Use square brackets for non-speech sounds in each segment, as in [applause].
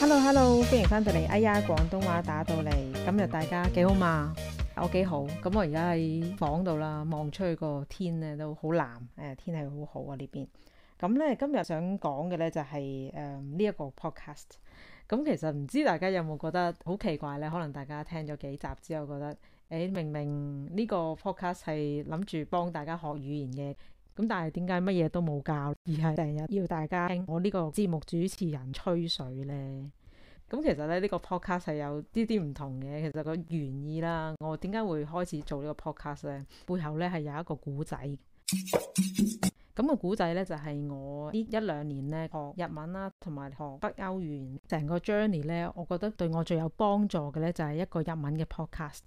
Hello Hello，歡迎翻到嚟。哎呀，廣東話打到嚟，今日大家幾好嘛？我幾好。咁我而家喺房度啦，望出去個天咧都好藍。誒，天氣好好啊呢邊。咁咧今日想講嘅咧就係誒呢一個 podcast。咁、嗯、其實唔知大家有冇覺得好奇怪咧？可能大家聽咗幾集之後覺得，誒明明呢個 podcast 係諗住幫大家學語言嘅。咁但係點解乜嘢都冇教，而係成日要大家聽我呢個節目主持人吹水呢？咁其實咧呢個 podcast 係有啲啲唔同嘅。其實個原意啦，我點解會開始做呢個 podcast 呢？背後呢係有一個古仔。咁個古仔呢，就係、是、我呢一兩年呢學日文啦，同埋學北歐語，成個 journey 呢，我覺得對我最有幫助嘅呢，就係一個日文嘅 podcast。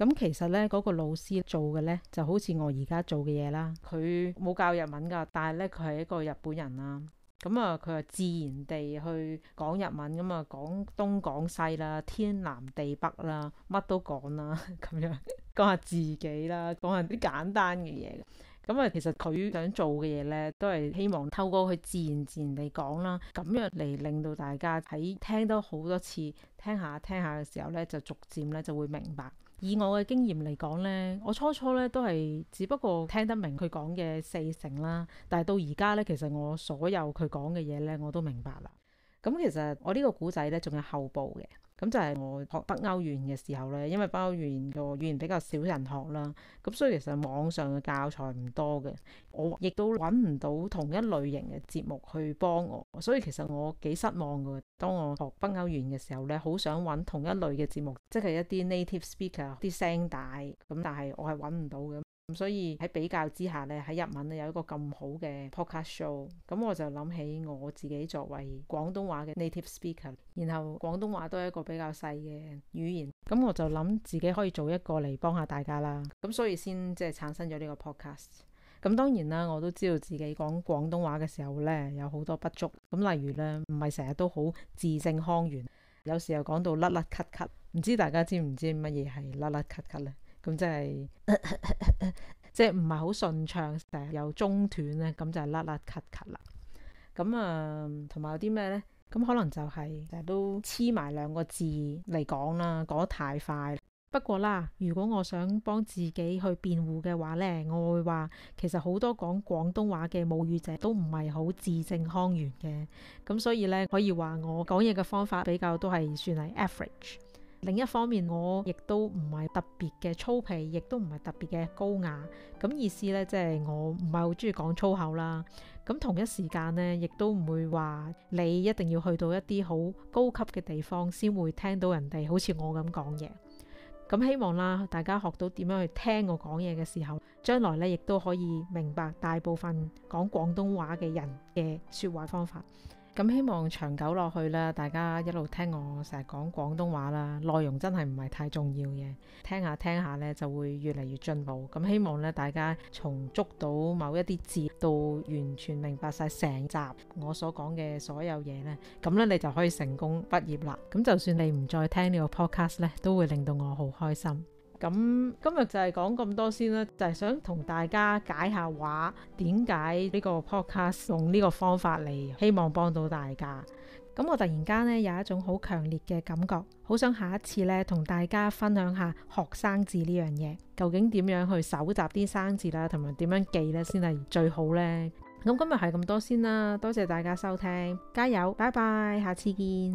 咁其實咧，嗰個老師做嘅咧就好似我而家做嘅嘢啦。佢冇教日文㗎，但係咧佢係一個日本人啦。咁啊，佢自然地去講日文，咁啊講東講西啦，天南地北啦，乜都講啦，咁樣講下自己啦，講下啲簡單嘅嘢。咁啊，其實佢想做嘅嘢咧，都係希望透過佢自然自然地講啦，咁樣嚟令到大家喺聽多好多次，聽下聽下嘅時候咧，就逐漸咧就會明白。以我嘅經驗嚟講呢，我初初呢都係只不過聽得明佢講嘅四成啦，但係到而家呢，其實我所有佢講嘅嘢呢，我都明白啦。咁其實我呢個古仔呢，仲有後部嘅。咁就係我學北歐語嘅時候咧，因為北歐語個語言比較少人學啦，咁所以其實網上嘅教材唔多嘅，我亦都揾唔到同一類型嘅節目去幫我，所以其實我幾失望嘅。當我學北歐語嘅時候咧，好想揾同一類嘅節目，即係一啲 native speaker 啲聲帶，咁但係我係揾唔到嘅。咁所以喺比較之下咧，喺日文咧有一個咁好嘅 podcast show，咁我就諗起我自己作為廣東話嘅 native speaker，然後廣東話都係一個比較細嘅語言，咁我就諗自己可以做一個嚟幫下大家啦。咁所以先即係產生咗呢個 podcast。咁當然啦，我都知道自己講廣東話嘅時候咧有好多不足，咁例如咧唔係成日都好字正腔圓，有時候講到甩甩咳咳，咳咳，唔知大家知唔知乜嘢係甩甩咳咳咧？呢咁即係 [laughs] 即係唔係好順暢，成日有中斷咧，咁就係甩甩咳咳啦。咁啊，同埋有啲咩呢？咁可能就係成日都黐埋兩個字嚟講啦，講得太快。不過啦，如果我想幫自己去辯護嘅話呢，我會話其實好多講廣東話嘅母語者都唔係好字正腔圓嘅。咁所以呢，可以話我講嘢嘅方法比較都係算係 average。另一方面，我亦都唔係特別嘅粗鄙，亦都唔係特別嘅高雅。咁意思呢，即係我唔係好中意講粗口啦。咁同一時間呢，亦都唔會話你一定要去到一啲好高級嘅地方先會聽到人哋好似我咁講嘢。咁希望啦，大家學到點樣去聽我講嘢嘅時候，將來呢亦都可以明白大部分講廣東話嘅人嘅說話方法。咁希望長久落去啦，大家一路聽我成日講廣東話啦，內容真係唔係太重要嘅，聽下聽下呢，就會越嚟越進步。咁希望咧，大家從捉到某一啲字到完全明白晒成集我所講嘅所有嘢呢，咁咧你就可以成功畢業啦。咁就算你唔再聽呢個 podcast 呢，都會令到我好開心。咁今日就係講咁多先啦，就係想同大家解下話點解呢個 podcast 用呢個方法嚟，希望幫到大家。咁我突然間呢，有一種好強烈嘅感覺，好想下一次呢，同大家分享下學生字呢樣嘢，究竟點樣去搜集啲生字啦，同埋點樣記呢先係最好呢？咁今日係咁多先啦，多謝大家收聽，加油，拜拜，下次見。